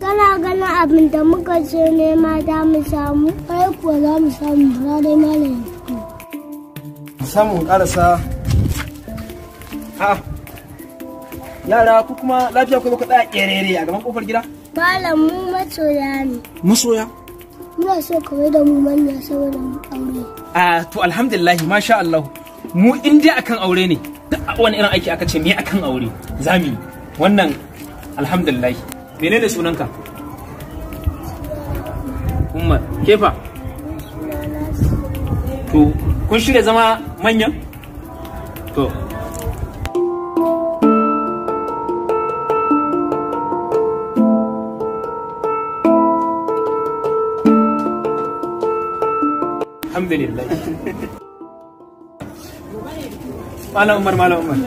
Kana ganin abin da muka ce nema da mu samu? Ai kuwa za mu samu fura dai malam yanzu. Samun karasa. Ah, yara ku kuma lafiya ku ku tsaya kerere a gaban kofar gida? Malam mu masoya ne. Masoya? Muna so kawai da mu manya saboda mu aure. Ah, to alhamdulillah masha Allah. mu in dai akan aure ne duk wani irin aiki aka ce me akan aure zami wannan alhamdulillah menene sunanka umar kefa to kun shirya zama manyan to alhamdulillah Malam Umar, Malam Umar.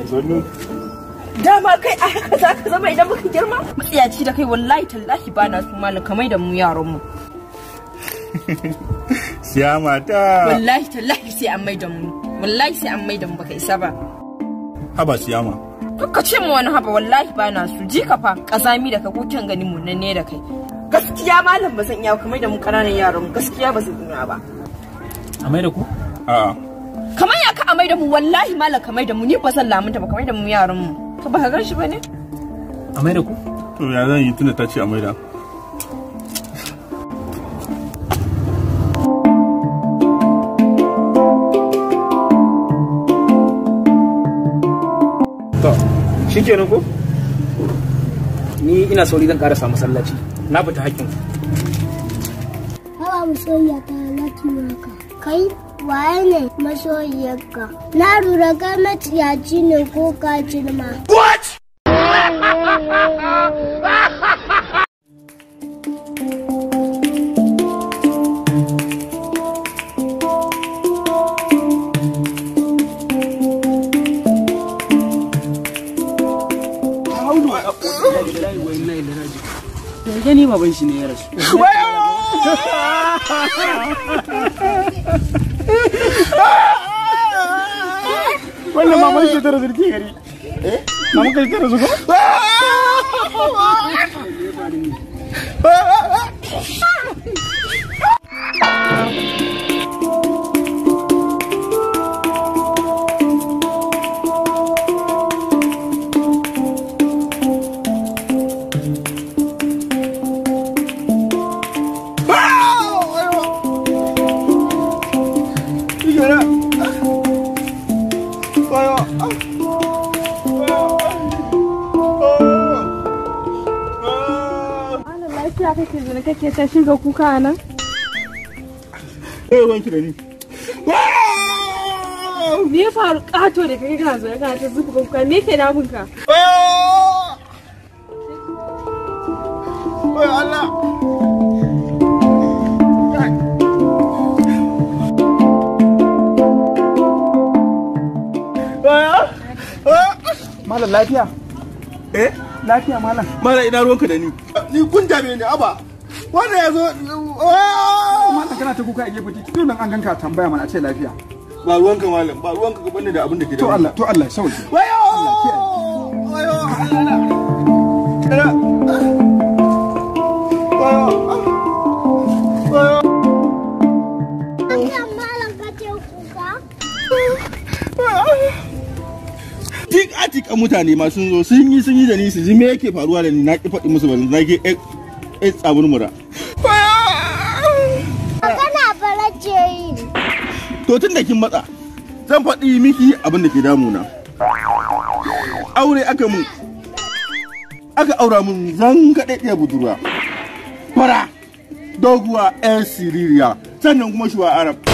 dama kai a haka za ka zama idan muka girma matsiyaci da kai wallahi tallahi ba na su malam kamar da mu yaran mu siya mata wallahi tallahi sai an mai da mu wallahi sai an mai da mu baka isa ba haba siyama ka ce mu wani haba wallahi ba na su ji ka fa kazami da ka kuken gani mu nan ne da kai gaskiya malam ba zan iya kamar da mu kananan yaran mu gaskiya ba zan iya ba a mai da ku a'a kamar ya ka mai da mu wallahi malam kamar da mu ni ba zan lamunta ba kamar da mu yaran mu To ba gan shi ba ne? A maida ku? To ya zan yi tunda ta ce a maida. shi kenan ko ni ina sauri zan karasa masallaci na fita hakkin ku hawa musayya ta laki waka kai waye ne masoyiyarka. Na lura kai maciyaci ne ko ka jirma. What? Yanzu baban shi ne ya rasu. ಒಳ್ಳೆ ಮಮ್ಮಿ ತರದಿರ್ತಿ ಹೇರಿ ನಮ್ಮ ಕೈ ತರದು Ah! lafiya kake zuna kake ta shiga kuka nan? Eh wanki da ni. Me ya faru kato da kai kana zuwa kana ta zuba kuka me yake damun ka? Wai Allah. Malam lafiya? Eh? Lafiya malam. Malam ina ruwanka da ni. Ni kun ni aba. Wanda ya zo eh. malam kana ta kuka a gefe titi nan an ganka tambaya mana a ce lafiya. Ba ruwanka malam ba ruwanka ka bani da abin da ke da. haƙa mutane ma sun zo sun yi sun yi da ni su ji me yake faruwa da ni na ki faɗi musu ba na ki eh tsabun mura magana bara yi to tun da kin matsa zan faɗi miki abin da ke damuna aure aka mun aka aura mun zan ɗaya budurwa fara doguwa 'yan siririya sannan kuma wa arab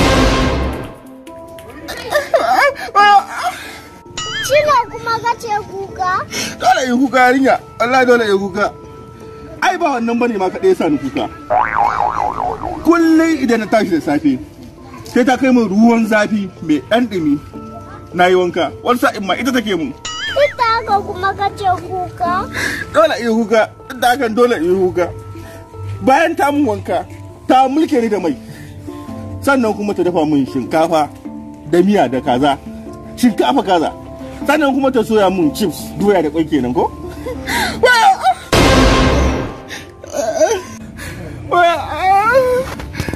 kuma ka ce kuka? Dole yi kuka yarinya, Allah dole yi kuka. Ai ba wannan bane ma kaɗai sa ni kuka. Kullum idan na tashi da safe, sai ta kai mun ruwan zafi mai ɗan ɗumi na yi wanka, wani sa'in ma ita take mun. Ita haka kuma ka ce kuka? Dole yi kuka, ita hakan dole yi kuka. Bayan ta mun wanka, ta mulke ni da mai. Sannan kuma ta dafa min shinkafa da miya da kaza. Shinkafa kaza. sannan kuma ta soya mun chips doya da kwai kenan ko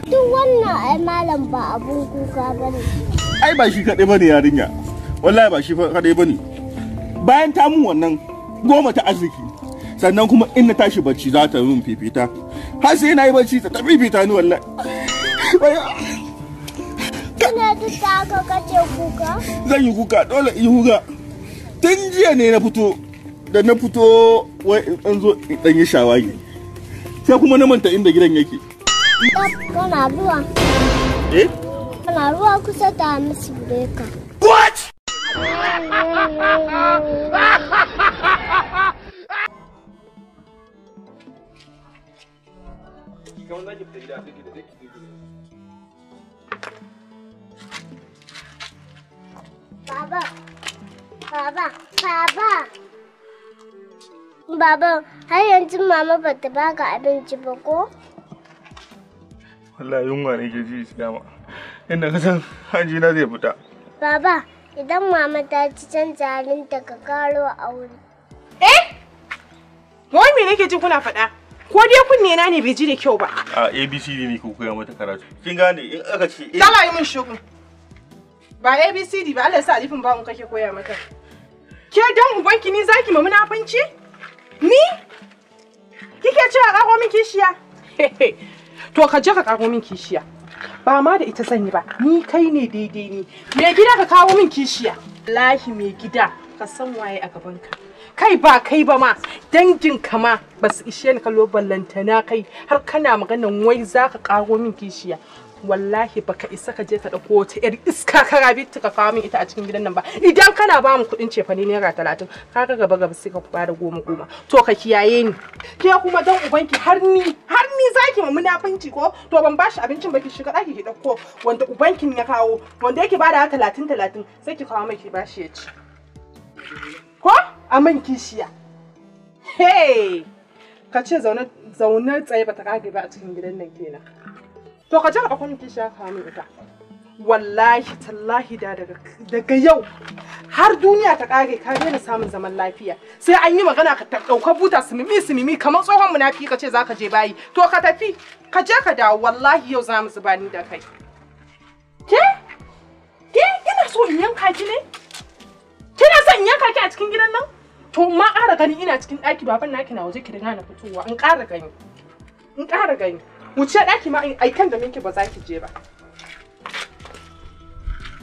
duk wannan ai malam ba abun kuka ne. ai ba shi kaɗai ne yarinya wallahi ba shi kaɗai ba ne bayan ta mun wannan goma ta arziki sannan kuma in na tashi bacci za ta yi min fifita har sai na yi bacci ta fifita ni wallahi kuka? Zan yi kuka, dole yi kuka. Tun jiya ne na fito, da na fito wai in zo in dan yi shawagi. Sai kuma na manta inda gidan yake. Kana ruwa. Eh? Kana ruwa kusa da musu breka. baban har yanzu mama ba ta baka abinci ba ko? Wallahi yunwa ne ke ji dama. Inda ka san haji na zai fita. Baba, idan mama ta ci jarin ta ka karo aure. Eh? Wai me nake ji kuna faɗa? Ko dai kunne na ne bai ji da kyau ba. A ABCD ne ku koya mata karatu. Kin gane in aka ce A. Tala yi min shugun. Ba ABCD ba Allah ya sa alifin ba mun kake koya mata. Ke dan ubanki ni zaki mamuna munafunci? Ni? Kike cewa ƙago min kishiya? To ka je ka ƙago min kishiya. Ba ma da ita sanyi ba, ni kai ne daidai ne. Me gida ka kawo min kishiya? Lahi me gida ka san waye a gabanka. Kai ba kai ba ma, dangin ka ma ba su ishe ni kallo ballantana kai har kana maganan wai za ka ƙago min kishiya. wallahi baka isa ka je ka dauko wata yar iska ka rabi ka kawo min ita a cikin gidan nan ba idan kana ba mu kuɗin cefane naira talatin ka ga gaba gaba sai ka ba da goma goma to ka kiyaye ni ke kuma dan ubanki har ni har ni zaki ma munafunci ko to ban bashi abincin ba ki shiga daki ki dauko wanda ubankin ya kawo wanda yake bada talatin talatin sai ki kawo mai bashi ya ci ko a man kishiya hey ka ce zaune tsaye ba ta kage ba a cikin gidan nan kenan to ka jar akwai ki sha ka min ita wallahi tallahi da daga daga yau har duniya ta kage ka daina samun zaman lafiya sai an yi magana ka dauka buta su mimi kamar tsohon munafiki ka ce zaka je bayi to ka tafi ka je ka dawo wallahi yau za mu zuba ni da kai ke ke kina so in yanka ki ne kina son in yanka ki a cikin gidan nan to ma ƙara gani ina cikin ɗaki baban naki na waje ki da na fitowa in ƙara gani in ƙara gani wuce ɗaki ma in kan da minki ba za ki je ba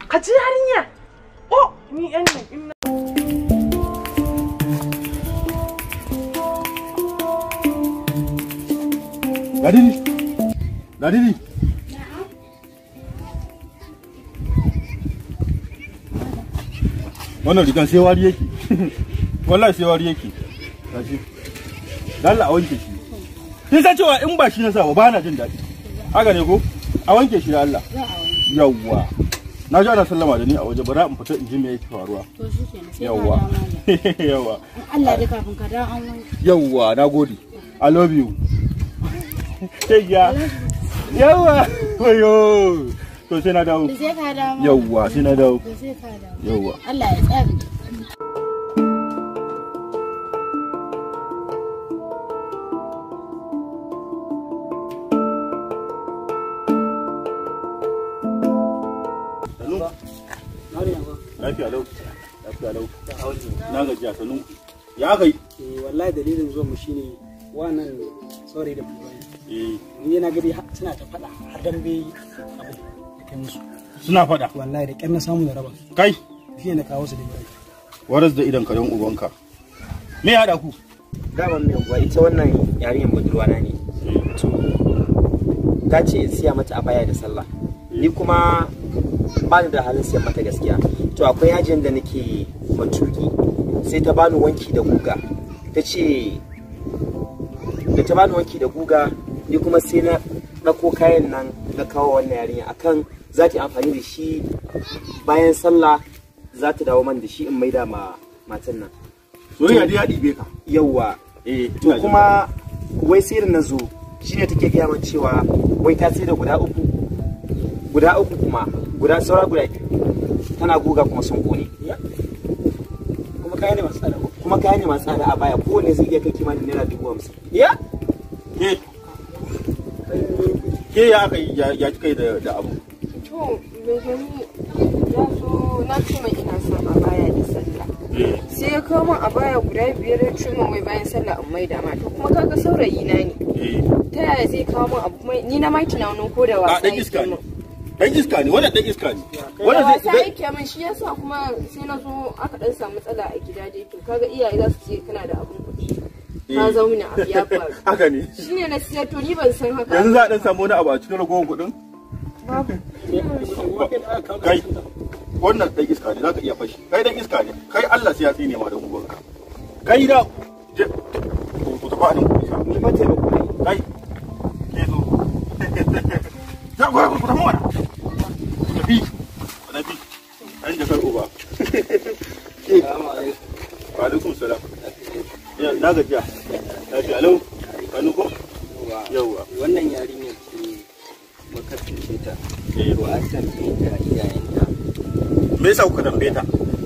ka ji yarinya oh ni yan nan in Ladidi, Ladidi. Wannan rigan sai wari yake. Wallahi sai wari yake. Gashi. Lalla a wanke shi. kin san cewa in ba shi na sa ba ba na jin daɗi haka ne ko a wanke shi da Allah yawwa na ji ana sallama da ni a waje bara in fita in ji me yake faruwa yawwa yawwa Allah da kafin ka an wanke yawwa nagode i love you take yawwa wayo to sai na dawo yawwa sai na dawo yawwa Allah ya tsare lafiya lau lafiya lau na gaji a ya kai eh, wallahi dalilin zuwa mu shine wannan da eh. ni yana gari suna ta fada har da suna fada wallahi da na samu da raba kai ne kawo su da gari waras da idan karen ubanka me ya da ku mai uwa ita wannan yarinyar budurwa na ne hmm. to ta ce siya mata a baya da sallah ni kuma ba ni da halin siyan mata gaskiya to akwai yajin da nake matuki sai ta bani wanki da guga ta ce da ta bani wanki da guga ni kuma sai na ɗauko kayan nan na kawo wannan yarinya akan za ta amfani da shi bayan sallah za ta dawo man da shi in maida ma matan nan soyayya dai ya be ka yawwa eh, to kuma wai sai na zo shine take gaya min cewa wai ta sai da guda uku guda uku kuma guda saura guda biyu tana guga kuma sun kone kuma kaya ne masu tsada kuma kayan ne masu tsada a baya kowane zai iya kai kimanin naira dubu hamsin ya ke ke ya aka ya ci kai da abu to me gani ya so na ci mai ina son a baya da sallah sai ya kawo min a baya guda biyar ya ce bayan sallah in mai ma to kuma kaga saurayi na ne ta yaya zai kawo min abu ni na maki na wani ko da wasa yake dan iska ne wannan dan iska ne wannan zai sai yake min shi yasa kuma sai na zo aka dan samu matsala a gida dai to kaga iyaye za su ce kana da abun kuɗi ka eh. zauna a ya faru haka ne na siya to ni ban san haka yanzu za a dan samu wani abu a cikin ragowar kuɗin kai wannan dan iska ne ka iya fashi kai dan iska ne kai Allah sai ya tsine ma da kai da ku tafi ba kai ke zo na gajiya. Lafiya lau. Kanu ko? Yawwa. Wannan yarinyar ce eh, muka tsince ta. Yawwa an ta iyayenta. Me yasa kuka tambaye ta?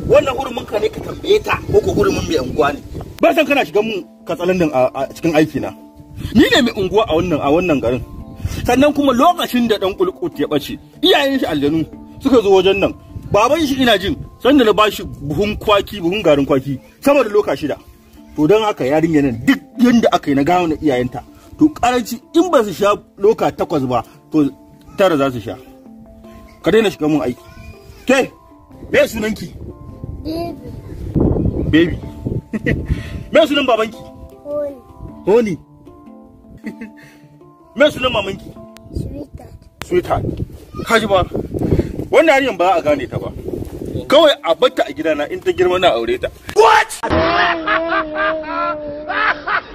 Wannan hurumin ka ne ka tambaye ta ko ko hurumin mai unguwa ne? Ba san kana shiga mun katsalandan a cikin aiki na. Ni ne mai unguwa a wannan a wannan garin. Sannan kuma lokacin da dan kulkut ya bace iyayen shi aljanu suka zo wajen nan baban shi ina jin sanda na bashi buhun kwaki buhun garin kwaki sama da loka shida to don haka yarinya nan duk yadda aka yi na gawo na iyayenta to karanci in ba su sha loka takwas ba to tara za su sha ka daina shiga mun aiki ke me sunanki baby me sunan babanki honi me sunan mamanki sweetheart sweetheart kaji ba wannan yarinyar ba za a gane ta ba kawai a bata a gidana in ta girma na aure ta what